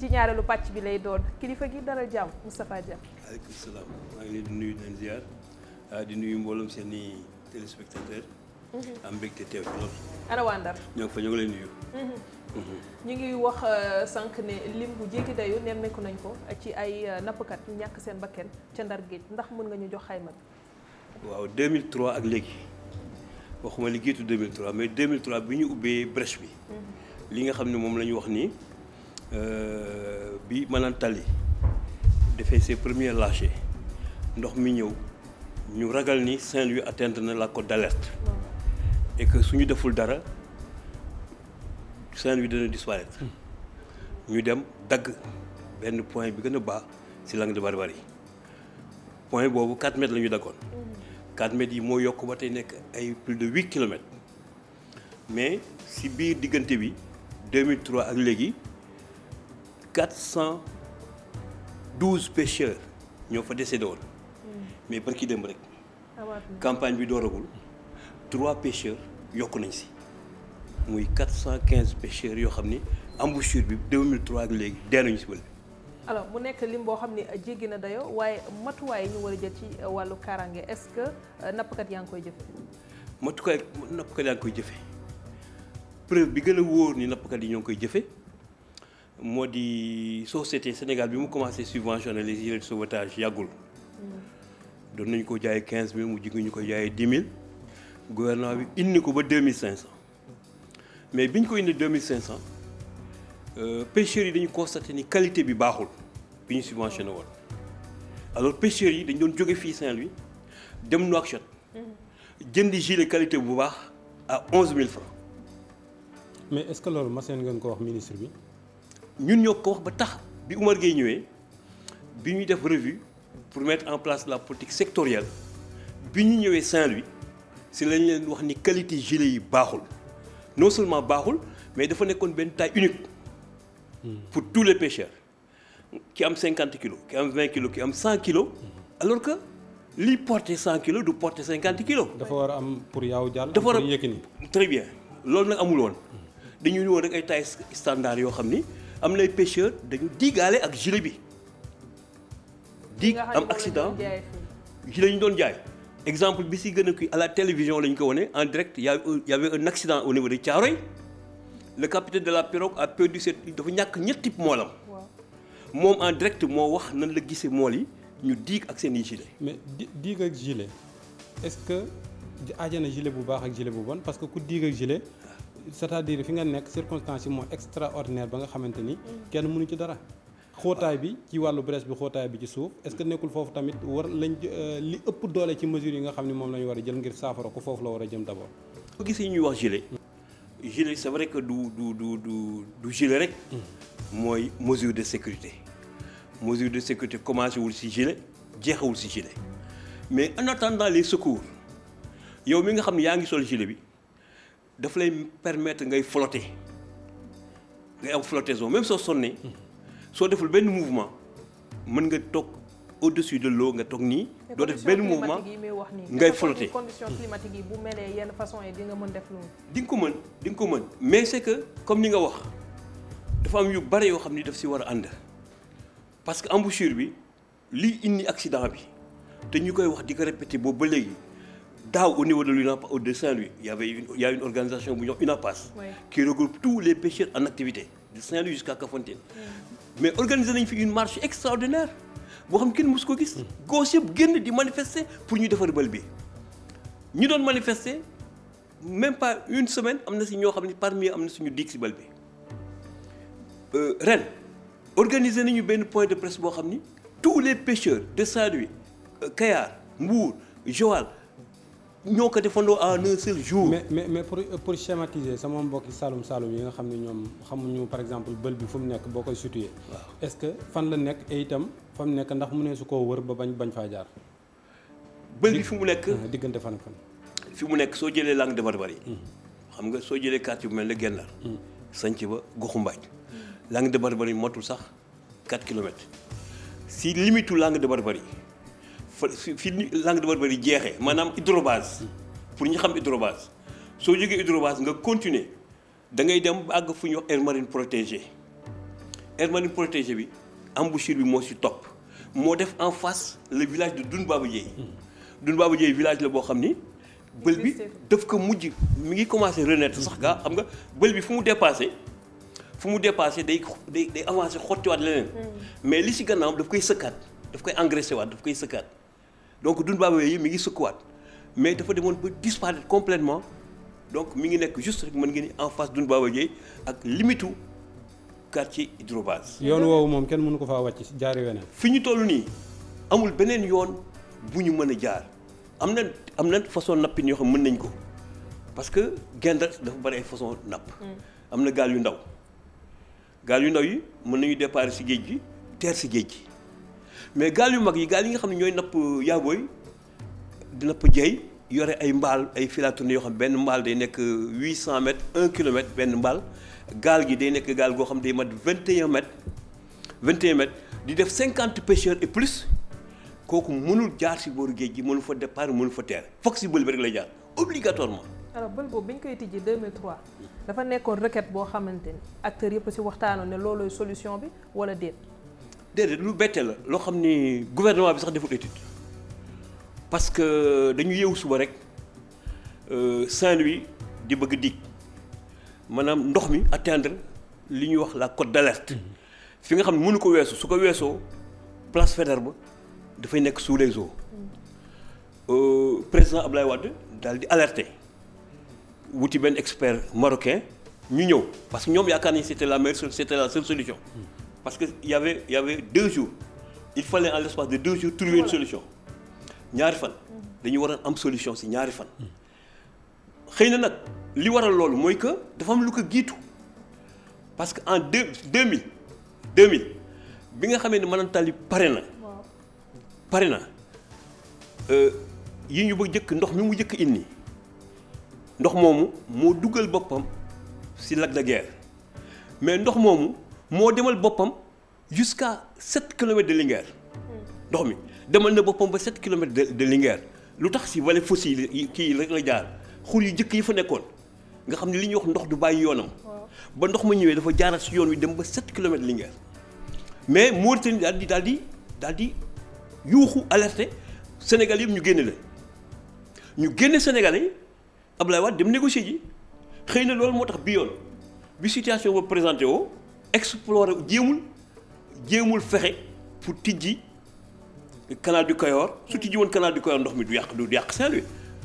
ci ñaareelu pàcc bi lay doon kilifa gi dara jàmm Moustapha Dia. aleykum salaam maa ngi di nuyu di leen ah, nuyu mbooloom seen i téléspectateur mhm. am mbégte teew ci loolu. ana waa Ndar. ñoo fa ñoo ngi nuyu. Mhm. Mhm. ñu ngi wax ah, sànq ne lim bu jéggi dayu nekk nañ ko ci ay ah, nappkat ñu ñàkk seen bakken ca Ndar ndax mën nga ñu jox xayma bi. waaw 2003 ak léegi waxuma li jiitu 2003 mais 2003 bi ñu ubbee brèche bi. li nga xam ni moom la wax nii. Euh, bi maanaam tali defee ses première lâchers ndox mi ñëw ñu ragal ni Saint-Louis atteindre na la côte d'alerte et que suñu deful dara Saint-Louis dana disparaître hmm. ñu dem dagg benn point bi gën a baax ci Langue de Barbarie point boobu 4 mètres la ñu daggoon 4 hmm. mètres yi moo yokk ba tey nekk ay plus de 8 kilomètres mais ci biir diggante bi 2003 ak léegi quatre cent douze pêcheurs ñoo fa décédé woon hmm. mais barki dem rek campagne bi dooragul trois pêcheurs yokk nañ si muy quatre cent quinze pêcheurs yoo xam ni embouchure bi 2003 ak léegi dee nañu si bële. alors mu nekk lim boo xam ne euh, jéggi na dayo waaye matuwaay yi ñu war a jël ci euh, wàllu kaaraange est que euh, nappkat yaa ngi koy jëfe matukaay nappkat yaa ngi koy jëfe preuve bi gën a wóor ni nappkat yi ñoo ngi koy jëfe moo di société Sénégal bi mu commencé subventionner les gilets de yàggul mm. doon nañu ko jaay quinze mille mu jigi ñu ko jaayee dix mille gouvernement bi indi ko ba deux mille cinq cent mais bi ñu ko indi deux mille cinq cent euh, pêcheurs yi dañu constaté ni qualité bi baaxul bi ñu subventionné woon alors pêcheurs yi dañ doon jóge fii Saint-Louis dem Nouakchott mm. jëndi gilet qualité bu baax a onze mille francs mais est-ce ngeen ko wax ministre bi ñun ñoo ko wax ba tax bi Oumar Gueye ñëwee bi ñuy def revue pour mettre en place la politique sectorielle bi ñu ñëwee Saint-Louis si lañ leen wax ni qualité gilet yi baaxul non seulement baaxul mais dafa nekkoon benn taille unique pour tous les pêcheurs ki am cinquante kilos ki am vingt kilos ki am cent kilos alors que lii porté cent kilos du porte cinquante kilos. dafa war a am pour yaaw jàll. dafa war a très bien loolu nag amul dañuy dañu woon rek ay taille standard yoo xam ni. am nay pêcheurs dañu digaale ak gilet bi dig am accident gilet ñu doon jaay exemple bi si gën a kii à la télévision la ñu ko wane en direct y y avait un accident au niveau de Thiaroye le capitaine de la pirogue a perdu cette dafa ñàkk ñetti moolam moom en direct moo wax nan la gisee mool yi ñu diig ak seen i gilet mais diig ak gilet est-ce que aajana gilet bu baax ak gilet bu bon parce que ku diig ak gilet c'est-à-dire fi nga nekk circonstance yi moo extraordinaire ba nga xamante ni mm. kenn mënu ci dara xootaay bi ci wàllu brèche bi xootaay bi ci suuf est-ce que nekkul foofu tamit war lañ euh, li ëpp doole ci mesures yi nga xam ne moom lañu war a jël ngir saafara ko foofu la war a jëm d'abord. bu gisee ñuy wax gilet. gilet c'est vrai que du du du du du gilet rek. Mm. mooy mesure de sécurité. mesure de sécurité commencé wul ci gilet jeexawul ci gilet mais en attendant les secours yow mi nga xam yaa ngi sol gilet bi daf lay permettre ngay flotter ngay am flottaison même soo sonnee soo deful benn mouvement mën nga toog au-dessus de l'eau nga toog nii. doo def benn mouvement ngay flotter conditions climatiques yi bu melee yenn façon yi di nga mën def loolu. ko mën di nga ko mën mais c'est que comme ni nga wax dafa am yu bare yoo xam ni daf si war a ànd parce que embouchure bi liy indi accident bi te ñu koy wax di ko répéter boobu ba léegi. daaw au niveau de l'UNAPAS au de Saint-Louis il y avait une a une organisation bu ñuy wax UNAPAS. qui regroupe tous les pêcheurs en activité de Saint-Louis jusqu'à Kafountine. mais organiser nañ fi une marche extraordinaire boo xam kenn mës ko gis. Mm. gauche yëpp génn di manifester pour ñu defar bël bi ñu doon manifester même pas une semaine am na si ñoo xam ne parmi am na suñu dig si bël bi euh, ren organiser nañu benn point de presse boo xam ni tous les pêcheurs de Saint-Louis euh, Mbour Joal. ñoo ko defandoo à un jour. mais mais mais pour pour schématiser sama mbokki saalum saalum yi nga xam ne ñoom xamuñu par exemple bël bi fu mu nekk boo koy situé. est ce que fan la nekk et itam fan nekk ndax mu ne su koo wër ba bañ bañ faa jaar. bël bi fi mu nekk diggante fan fan. fi mu nekk soo jëlee langue de bari hmm. xam nga soo jëlee quartier bu mel ne Gendar. Hmm. sanc ba goxu Mbaaj. langue de Barbarie motul sax 4 kilomètres si limitu langue de bari fa fi Langue de Barbarie jeexee maanaam hydrobase pour ñu xam hydrobase soo jógee hydrobase nga continuer da ngay dem àgg fu ñuy wax aire marine protégée aire marine protégée bi embouchure bi moo si topp moo def en face le village de Doune Baba Dieye Doune Baba Dieye village la boo xam ni bël bi daf ko mujj mu ngi commencé renaître sax gaa xam nga bël bi fu mu dépassé fu mu dépassé day day avancer avancé xottiwaat leneen mais li si gannaawam daf koy sëkkaat daf koy engraissé waat daf koy sëkkaat donc Dunbaaba yi mi ngi sukkuwaat mais dafa demoon ba disparaître complètement donc mi ngi nekk juste rek mën ngeen en face Dunbaaba Dieye ak limitu quartier hydrobase. yoon woowu moom kenn mënu ko faa wàcc jaari weneen. fi ñu toll nii amul beneen yoon bu ñu mën a jaar am na am na façon nappin yoo xam mën nañ ko parce que Guet-Ndar dafa bari ay façon napp. Mm. am na gaal yu ndaw gaal yu ndaw yi mën nañu départ si géej gi teer si géej gi. mais gaal yu mag yi gaal yi nga xam ne ñooy napp yaabooy di napp jey yore ay mbaal ay filature yoo xam benn mbaal day nekk 800 mètres 1 kilomètre benn mbaal gaal gi day nekk gaal goo xam day mat vingt mètres 21 mètres di def cinquante pêcheurs et plus kooku mënul jaar si booru géej gi mënul fa départ mënul fa teer foog si bël bi rek lay jaar obligatoirement. alors bël boobu bi ñu koy tijji 2003 dafa nekkoon requête boo xamante ni acteurs yëpp si waxtaanoon ne loolooy solution bi wala déet. déedéet lu bettee la loo xam ni gouvernement bi sax deful étude parce que dañu yeewu suba rek euh, Saint-Louis di bëgg dig maanaam ndox mi atteindre li ñuy wax la cote d'alerte mm-hmm. fi nga xam ne mënu ko weesu su ko weesoo place ba dafay nekk sous les eaux mm-hmm. euh, président Ablaye Wade daal di alerte wuti benn expert marocain ñu ñëw parce que ñoom yaakaar nañu c'était la meilleure c'était la solution. Mm-hmm. parce que y avait y avait deux jours il fallait en l'espace de deux jours trouver une solution ñaari fan dañu war a am solution si ñaari fan xëy na nag li waral loolu mooy que dafa am lu ko giitu parce que en deux deux mi deux mille bi nga xamee ne Manan Tali pare na pare na euh, yi ñu ba jëkk ndox mi mu jëkk indi ndox moomu moo dugal boppam si Lac de Guiers mais ndox moomu moo demal boppam jusqu'à sept kilomètres de Linguère ndox mi demal na boppam ba sept kilomètres de Linguère lu tax si vallée fossile yi kii rek la jaar xur yu jëkk yi fa nekkoon nga xam ne li ñuy wax ndox du bàyyi yoonam ba ndox ma ñëwee dafa jaaral si yoon wi dem ba sept kilomètres Linguère mais Mauritanie daal di daal di daal di yuuxu alerte Sénégal yëpp ñu génne la ñu génne Sénégal yi Abdoulaye Wade dem négocier ji xëy na loolu moo tax bi yoon bi situation ba présenté woo explorer jéemul jéemul fexe pour tijji canal du Kayor su tijji woon canal du Kayor ndox mi du yàq du yàq saint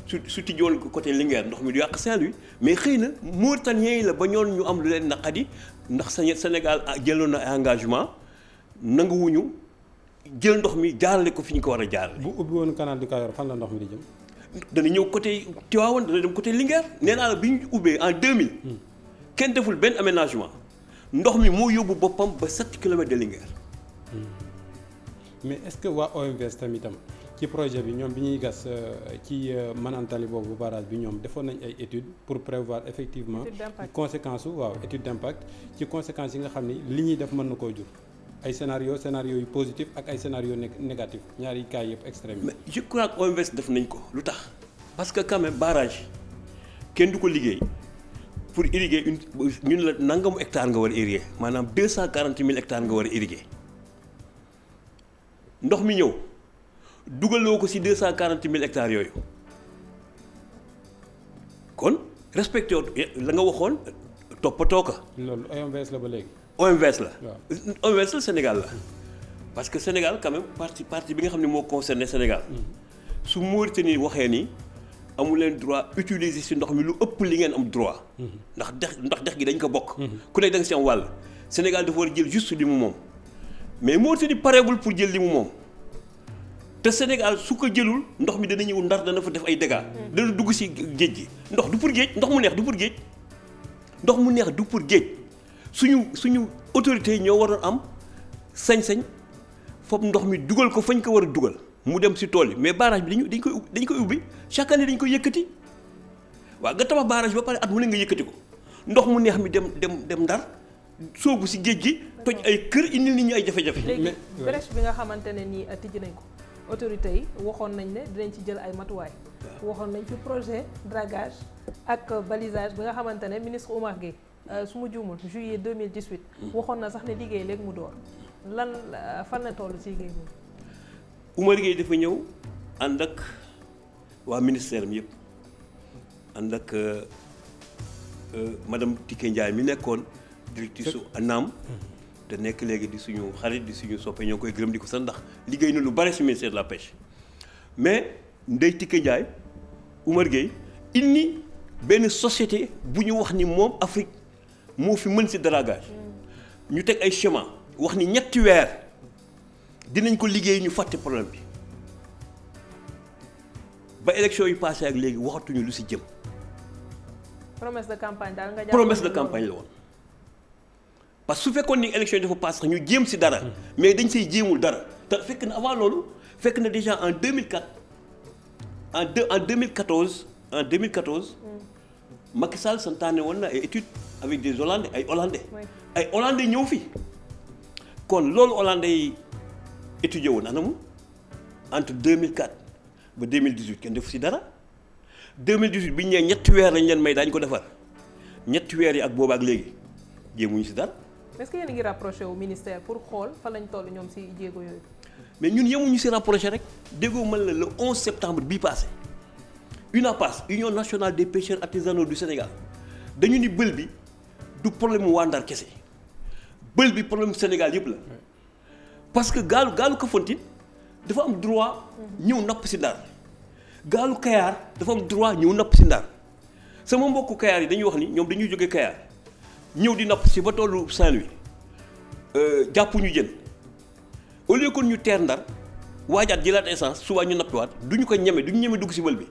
su su tijji woon côté Linguère ndox mi du yàq saint mais xëy na Mauritaniens yi la ba ñoon ñu am lu leen naqadi ndax Sénégal jëloon na engagement nanguwuñu jël ndox mi jaarale ko fi ñu ko war a jaarale. bu ubbi woon canal du Kayor fan la ndox mi di jëm. dana ñëw côté Tivaouane dana dem côté Linguère nee naa la bi ñu ubbee en mille hmm. kenn deful benn aménagement. ndox mi moo yóbbu boppam ba sept kilomètres de Linguère. Hmm. mais est-ce que waa OMVS tamitam ci projet bi ñoom bi ñuy gas euh, ci euh, manantali boobu barrage bi ñoom defoon nañ ay études pour prévoir effectivement conséquence waaw étude d'impact ci conséquences yi nga xam ni li ñuy def mën na koo jur ay scénario scénario yu positif ak ay scénario négatif ñaari kaay yëpp extrême mais je crois que OMVS def nañ ko lu tax parce que quand même kenn du ko liggéey pour irriguer une ñun la nangamu hectare nga war a maanaam deux cent quarante mille hectares nga war a ndox mi ñëw dugaloo ko ci deux cent quarante mille hectares yooyu kon respecté la nga waxoon toppatoo ko. loolu OMVS la ba léegi. OMVS la. Sénégal la. parce que Sénégal quand même parti parti bi nga xam ne moo concerné Sénégal. Mm-hmm. su Mauritanie waxee nii. amu leen droit utiliser si ndox mi lu ëpp li ngeen am droit. ndax dex ndax dex gi dañ ko bokk. ku nekk da nga si am wàll. Sénégal dafa war a jël juste li mu moom mais Mauritanie pareegul pour jël li mu moom te Sénégal su ko jëlul ndox mi dana ñëw ndar dana fa def ay dégâts. dana dugg si géej gi ndox du pour géej ndox mu neex du pour géej ndox mu neex du pour géej suñu suñu autorités yi ñoo waroon am sañ-sañ foofu ndox mi dugal ko fañ ko war a dugal. mu dem si tool yi mais barrage bi dañu dañ koy dañ koy ubbi chaque année dañ koy yëkkati waaw nga tabax barrage ba pare at mu ne nga yëkkati ko ndox mu neex mi dem dem dem ndar soobu si géej gi toj ay kër indil nit ñi ay jafe-jafe. léegi brèche bi nga xamante ne nii euh, tijji nañ ko autorité yi waxoon nañ ne dinañ ci jël ay matuwaay. waxoon nañ ci projet dragage ak euh, balisage bi nga xamante ne ministre Oumar Gueye euh, su ma juumul juillet 2018. Mm. waxoon na sax ne liggéey léegi mu door lan fan la toll si Oumar Gueye dafa ñëw ànd ak waa ministère mi yëpp ànd ak euh, madame Tické Ndiaye mi nekkoon directrice su ANAM te nekk léegi di suñu xarit di suñu soppe ñoo koy gërëm di ko sax ndax liggéey na lu bare si ministère la pêche mais Ndeye Tické Ndiaye Oumar Gueye indi benn société bu ñu wax ni moom Afrique moo fi mën si dragage mm. ñu teg ay chemin wax ni ñetti weer dinañ ko liggéey ñu fàtte problème bi ba élection yu passé ak léegi waxatuñu lu si jëm. promesse de campagne daal nga promesse de campagne la woon. parce que su fekkoon ni élection yi dafa passé ñu jëm si dara. mais dañ say jéemul dara te fekk na avant loolu fekk na déjà en deux 2004 en deux en 2014 en 2014. Mm. Macky Sall santaane woon na ay études avec des hollandais ay hollandais. ay hollandais ñëw fii kon loolu hollandais étudier woon mu entre deux mille 2004 ba mille 2018 kenn defu si dara 2018 bi ñu nee ñetti weer lañ leen may daañu ko defar ñetti weer yi ak booba ak léegi jéemuñu si dara. est-ce que yéen a ngi rapproché wu ministère pour xool fan lañ toll ñoom si jéego yooyu. mais ñun yemuñu si rapproché rek déggoo man la le 11 septembre bii passé UNAPAS Union nationale des pêcheurs artisanaux du Sénégal dañu ni bël bi du problème mu waa Ndar kese bël bi problème Sénégal yëpp la. parce que gaalu gaalu Kafountine dafa am droit ñëw napp si Ndar gaalu Kayaar dafa am droit ñëw napp si Ndar sama mbokku Kayaar yi dañuy wax ni ñoom dañuy jóge Kayaar ñëw di napp si ba tollu Saint-Louis euh, jàpp ñu jën au lieu ñu teer Ndar waajaat jëlaat essence suba ñu nappiwaat du ñu ko ñeme du ñu ñeme dugg si bël bi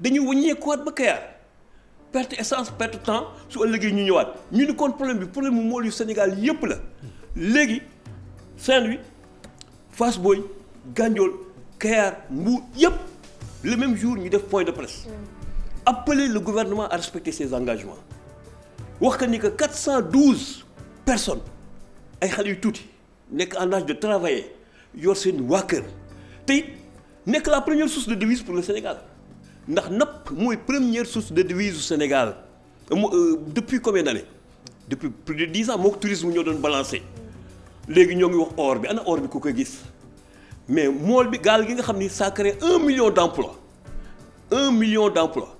dañuy wëññeekuwaat ba Kayaar perte essence perte temps su ëllëgee ñu ñëwaat ñu ni kon problème bi problème mu mool yu Sénégal yépp la léegi Saint-Louis Fass Boy Gandiol Kayar Mbour yëpp le même jour ñu def point de presse. appeler le gouvernement à respecter ses engagements wax que ni que 412 personnes ay xale yu tuuti nekk en âge de travailler yor seen waa kër te it nekk la première source de devise pour le Sénégal ndax napp mooy première source de devise du Sénégal euh, depuis combien d'années depuis plus de dix ans moo ko tourisme ñoo doon balancé. léegi ñoo ngi wax or bi ana or bi ko ko gis mais mool bi gaal gi nga xam ni ça crée un million d' un million d' emploi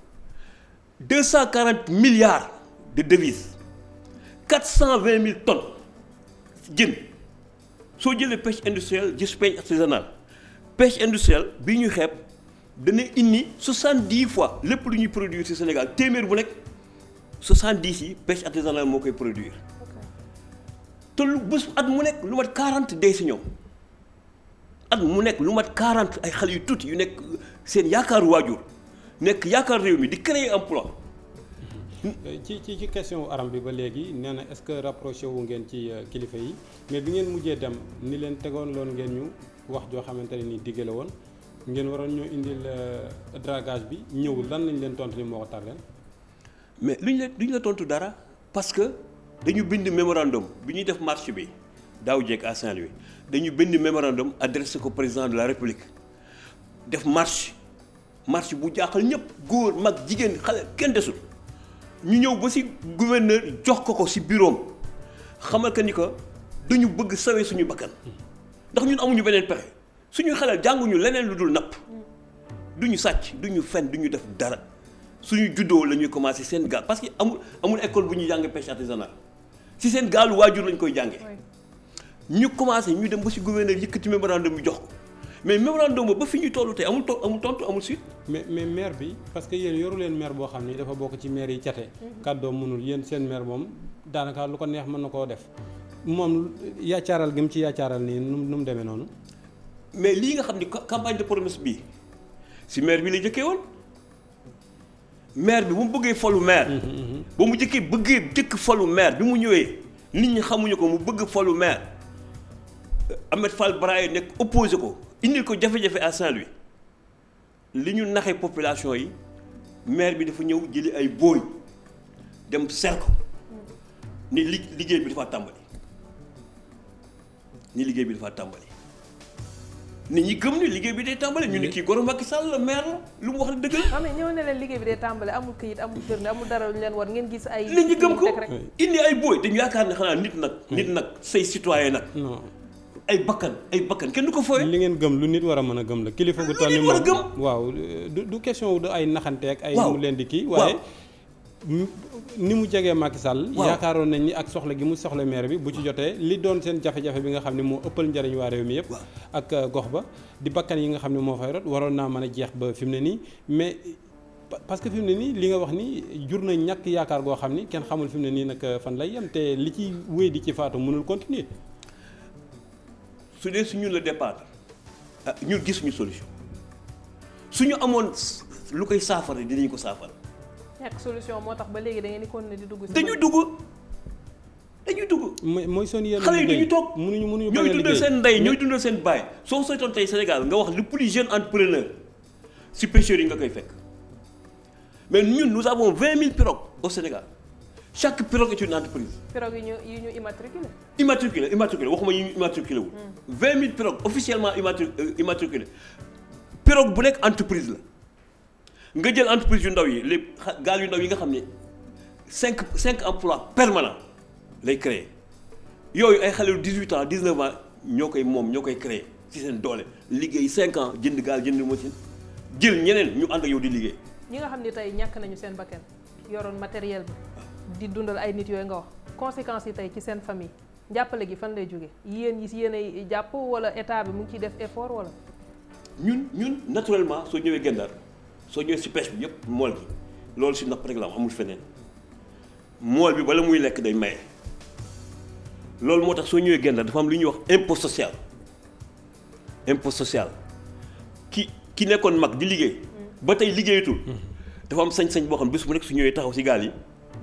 deux cent quarante milliards de devises quatre cent vingt mille tonnes jën soo jëlee pêche industrielle gis pêche artisanale pêche industrielle bi ñuy xeeb dana indi soixante dix fois lépp lu ñuy produire ci Sénégal téeméer bu nekk soixante dix yi pêche artisanale moo koy produire. te lu bés at mu nekk lu mat 40 day si ñëw at mu nekk lu mat 40 ay xale yu tuuti yu nekk seen yaakaaru waajur nekk yaakaar réew mi di créer emploi ci ci ci question aram bi ba léegi nee na est-ce que rapproché wu ngeen ci euh, kilifa yi mais bi ngeen mujjee dem ni leen tegoon loon ngeen ñu wax joo xamante ne ni digge la woon ngeen waroon ñoo indil euh, dragage bi ñëwul lan lañ leen tontu ni moo ko tar leen mais luñ la luñ la tontu dara parce dañu bind mémorandum bi ñuy def marche bi daaw jeeg à Saint-Louis dañu bind mémorandum adressé ko président de la république def marche marche bu jaaxal ñëpp góor mag jigéen xale kenn desul ñu ñëw ba ci gouverneur jox ko ko ci bureau xamal ko ni ko dañu bëgg sawee suñu bakkan ndax ñun amuñu beneen pexe suñu xelal jànguñu leneen lu dul napp duñu sàcc duñu fen duñu def dara suñu juddoo la ñuy commencé seen gaal parce que amul amul école bu ñu jàng pêche artisanale ci seen gaalu waajur lañ koy jànge ñu commencé ñu dem ba si gouverneur yëkkati mémorandum bi jox ko mais mémorandum ba ba fi ñuy tollu tey amul to amul tontu amul suite. mais mais maire bi que yéen yoru leen maire boo xam ni dafa bokk ci maire yi cate. Mhm. kàddoom mënul yéen seen maire moom daanaka lu ko neex mën na koo def moom yaacaaral gi mu ci yaacaaral nii nu nu mu demee noonu. mais lii nga xam ni campagne de promesse bii si maire bi la jëkkee woon. maire bi bu mu bëggee falu maire. Mm-hmm, mm-hmm. ba mu jëkkee bëggee jëkk falu maire bi mu ñëwee nit ñi xamuñu ko mu bëgg falu maire Ahmed Fall Braye nekk opposé ko indil ko jafe-jafe à Saint-Louis li ñu naxee population yi maire bi dafa ñëw jëli ay booy dem ser ko ni li liggéey bi dafa tàmbali ni liggéey bi dafa tàmbali. nit ñi gëm ne liggéey bi day tàmbale ñu ne kii góor Macky Sall la maire la lu mu wax la dëgg la. Ah, leen liggéey bi day tàmbale amul këyit amul firnde ngeen gis ay. nit ñi gëm ko indi ay booy dañu yaakaar ne xanaa nit nag. Hmm. nit nag say citoyen nag. ay bakkan ay bakkan kenn du ko fooyee. li ngeen gëm lu nit war a mën a gëm la kilifa gu toll ni moom waaw du du question du ay naxante ak ay mu leen di kii waaye ni mu jegee Macky Sall. yaakaaroon nañ ni ak soxla gi mu soxla maire bi bu ci jotee li doon seen jafe-jafe bi nga xam ne moo ëppal njëriñ waa réew mi yëpp. ak euh, gox ba di bakkan yi nga xam ne moo fay rot waroon naa mën a jeex ba fi mu ne nii mais. parce que fi ne nii li nga wax ni jur na ñàkk yaakaar goo xam ni kenn xamul fi mu ne nii nag euh, fan lay yem te li ci wéy di ci faatu mënul continuer. su dee su ñun la départ ah euh, ñun gisuñu solution suñu amoon lu koy saafara dinañ ko saafara. nekk solution moo tax ba léegi da ngeen di continuer di dugg. dañuy dugg dañuy dugg. mooy mooy seen yéen xale yi duñu toog mënuñu mënuñu ñooy dundal seen ndey ñooy dundal seen baay soo seetoon tey Sénégal nga wax le plus jeune entrepreneur si pêcheurs yi nga koy fekk mais ñun nous avons vingt mille pirogues au Sénégal chaque pirogue est une entreprise. pirogue yi ñu yi ñu immatriculé. immatriculé immatriculé waxuma yi ñu immatriculé wul. Hmm. vingt mille pirogues officiellement euh, immatriculé pirogue bu nekk entreprise la. nga jël entreprise yu ndaw yi les gaal yu ndaw yi nga xam ne cinq cinq en plois permanents lay créer yooyu ay xale yu dix huit ans dix neuf ans ñoo koy moom ñoo koy créer ci seen doole liggéey cinq ans jënd gaal jënd machine jël ñeneen ñu ànd ak yow di liggéey. ñi nga xam ni tey ñàkk nañu seen bakkan yoroon matériel bi di dundal ay nit yooyu nga wax conséquence yi tey ci seen famille njàppale gi fan lay jóge yéen yi yéen ay jàpp wala état bi mu ngi ciy def effort wala. ñun ñun naturellement soo ñëwee Gendar. soo ñëwee si pêche bi yëpp mool bi loolu si napp rek la amul feneen mool bi bala muy lekk day maye loolu moo tax soo ñëwee Guet Ndar dafa am lu ñuy wax impôt social impôt sociale ki ki nekkoon mag di liggéey mm. ba tey liggéeyatul mm. dafa am sañ-sañ boo xam bés bu nekk su ñëwee taxaw si gaal yi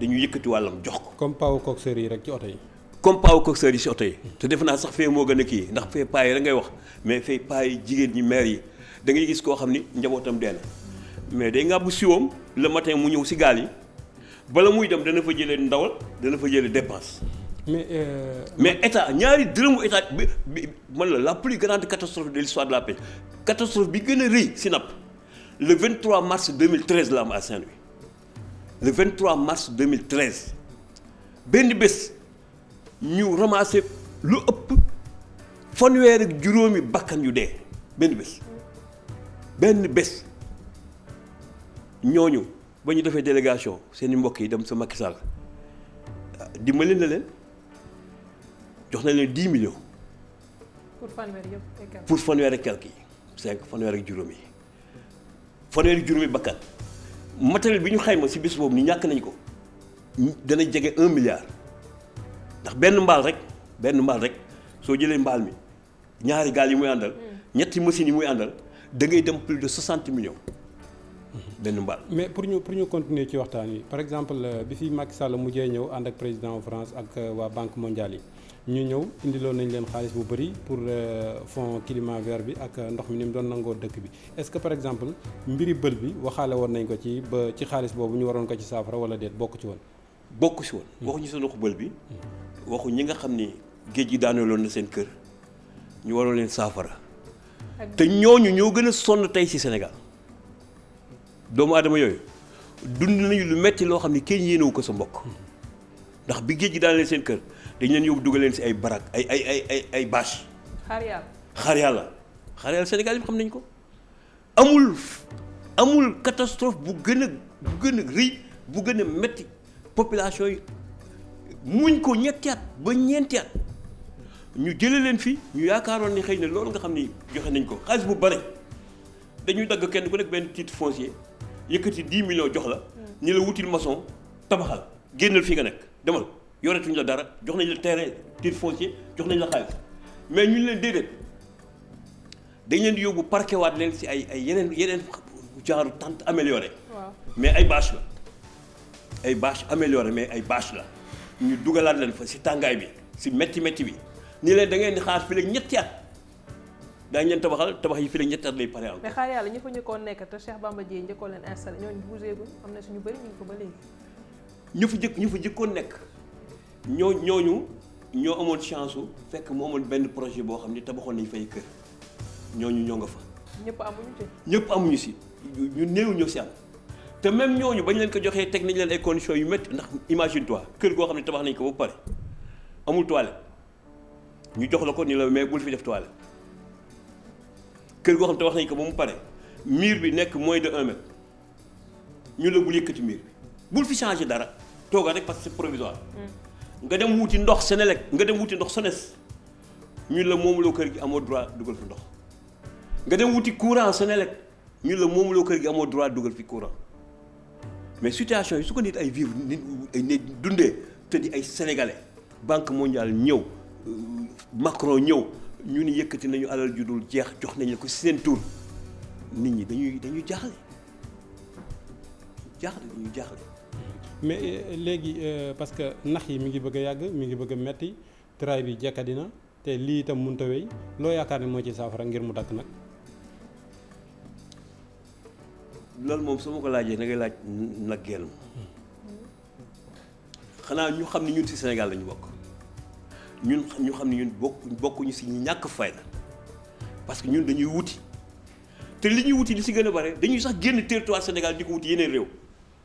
dañu yëkkati wàllam jox ko. comme paawu coxeur yi rek ci oto yi. comme paawu coxeur yi si oto yi. te defe naa sax fee moo gën a kii ndax fee paa yi rek ngay wax mais fee paa yi jigéen ñi maire yi da ngay gis koo xam ni njabootam dee mais day ngàbbu siwoom le matin mu ñëw si gaal yi bala muy dem dana fa jëlee ndawal dana fa jëlee dépense. mais euh... mais état ñaari dërëmu état bi man la la plus grande catastrophe de l'histoire de la pêche catastrophe bi gën a rëy si napp le 23 mars 2013 la am à Saint-Louis le 23 mars 2013 benn bés ñu ramassé lu ëpp fanweer ak juróomi bakkan yu dee benn bés benn bés. ñooñu ba ñu defee délégation seen i mbokk yi dem sa Macky Sall dimbali na leen jox na leen 10 millions. pour fanweer yëpp et pour fanweer ak yi cinq fanweer ak juróom yi fanweer ak juróomi bakkan matériel bi ñu xayma si bis boobu ni ñàkk nañ ko dana jege un milliard ndax benn mbaal rek benn mbaal rek soo jëlee mbaal mi ñaari gaal yi muy àndal hmm. ñetti machine yi muy àndal da ngay dem plus de 60 millions. benn mbaal. mais pour ñu pour ñu continuer ci waxtaan yi par exemple euh, bi fi Macky mu jee ñëw ànd ak président France ak euh, waa banque mondiale yi. ñu ñëw indiloon nañ leen xaalis bu bëri pour euh, fonds climat vert bi ak ndox mi ni mu doon nangoo dëkk bi est-ce que par exemple mbiri bël bi waxaale woon nañ ko ci ba ci xaalis boobu ñu waroon ko ci saafara wala déet bokk ci woon. bokk ci woon. Hmm. waxuñu seen waxu bël bi. Hmm. waxu ñi nga xam ni géej gi daaneeloon na seen kër ñu waroon leen saafara. te ñooñu ñoo gën a sonn tey ci Sénégal. doomu aadama yooyu dund nañu lu metti loo xam ne kenn yéenewu ko sa mbokk ndax bi géej gi daal seen kër dañ leen yóbbu dugal si ay barak ay ay ay ay ay bâche. xaar yàlla xaar yàlla Sénégal yi xam nañ ko amul amul catastrophe bu gën a bu gën a rëy bu gën a metti population yi muñ ko ñetti ba ñeenti ñu jëlee leen fii ñu yaakaaroon ni xëy na loolu nga xam ni joxe nañ ko xaalis bu bare dañuy dagg kenn ku nekk benn titre foncier. yëkkati 10 millions jox la ñu hmm. la wutil maçon tabaxal génnal fii nga nekk demal yoretuñu la dara jox nañ la terrain titre foncier jox nañ la xaalis mais ñu leen déedéet dañ leen di yóbbu parquet waat leen si ay ay yeneen yeneen genre tente améliorée. mais ay bâche la ay bâche améliorée mais ay bâche la ñu dugalaat leen fa si tàngaay bi si métti métti bi ni leen da ngeen di xaar fi léegi ñetti at. daañu leen tabaxal tabax yi fi la ñetti at lay pare encore. mais xaar yàlla ñi fa njëkkoon nekk te Cheikh Bamba Dièye njëkkoon leen installé am na suñu ñu ngi fa ba léegi. ñu fa jëkk ñu fa jëkkoon nekk ñoo ñooñu ñoo amoon chance su fekk mu benn projet boo xam ne tabaxoon nañu fay kër ñooñu ñoo fa. ñëpp amuñu ñëpp amuñu si ñu néew ñoo si am te même ñooñu bañ leen ko joxee teg nañ leen yu métti ndax imagine toi kër goo xam ne tabax nañ ko ba pare amul toilette ñu jox la ko ni la mais bul fi def toilette kër goo xam te wax nañ ko ba mu pare bi nekk moins de ñu la bul yëkkati bul fi changé dara toogal rek parce que c'est mm. nga dem wuti ndox Senelec nga dem wuti ndox Sones ñu la moomuloo kër gi amoo droit dugal fi ndox nga dem wuti courant Senelec ñu la moomuloo kër gi amoo droit dugal fi courant mais situation yi su ko nit ay vivre nit ay nit dundee te di ay sénégalais banque mondiale ñëw euh, Macron ñëw ñu ni yëkkati nañu alal ju dul jeex jox nañu ko si seen tur nit ñi dañuy dañuy jaaxle jaaxle dañuy jaaxle. mais euh, léegi euh, parce que nax yi mi ngi bëgg a yàgg mi ngi bëgg a metti tray bi jekkadi na te lii itam mënut a loo yaakaar ne moo ci saafara ngir mu dakk nag. loolu moom su ma ko laajee da ngay laaj nag geel ma hmm. xanaa ñu xam ne ñun si Sénégal lañu bokk. ñun ñu xam ne ñun bokkuñ bokkuñu si ñu ñàkk fayda parce que ñun dañuy wuti te li ñuy wuti li si gën a bare dañuy sax génn territoire Sénégal di ko wuti yeneen réew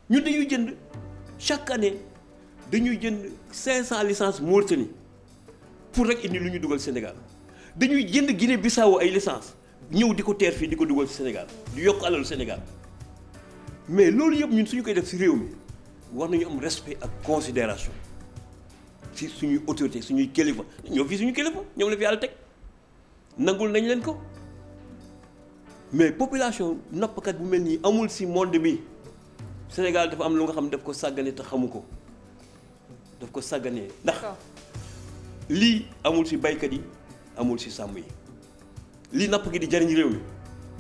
ñun dañuy jënd chaque année dañuy jënd 500 licences Mauritanie pour rek indi lu ñu dugal Sénégal dañuy jënd Guinée Bissau ay licences ñëw di ko teer fii di ko dugal Sénégal du yokk alalu Sénégal mais loolu yëpp ñun suñu koy def si réew mi war nañu am respect ak considération si suñuy autorité suñuy kilifa ñoo fii suñu kilifa ñoom la fi yàlla teg nagul nañ leen ko mais population nappkat bu mel nii amul si monde bi Sénégal dafa am lu nga xam daf ko sàggane te xamu ko daf ko sàgganee ndax lii amul si baykat yi amul si sàmm yi lii napp gi di jariñ réew mi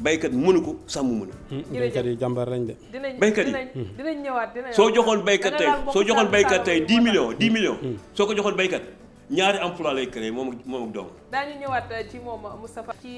baykat mënu ko sàmm mënu hmm, baykat yi jàmbar lañ de baykat yi hmm. dinañ ñëwaat dinañ soo joxoon baykat tey soo joxoon baykat tey 10 millions 10 millions hmm. soo ko joxoon baykat ñaari emploi lay créé moom moom ak doom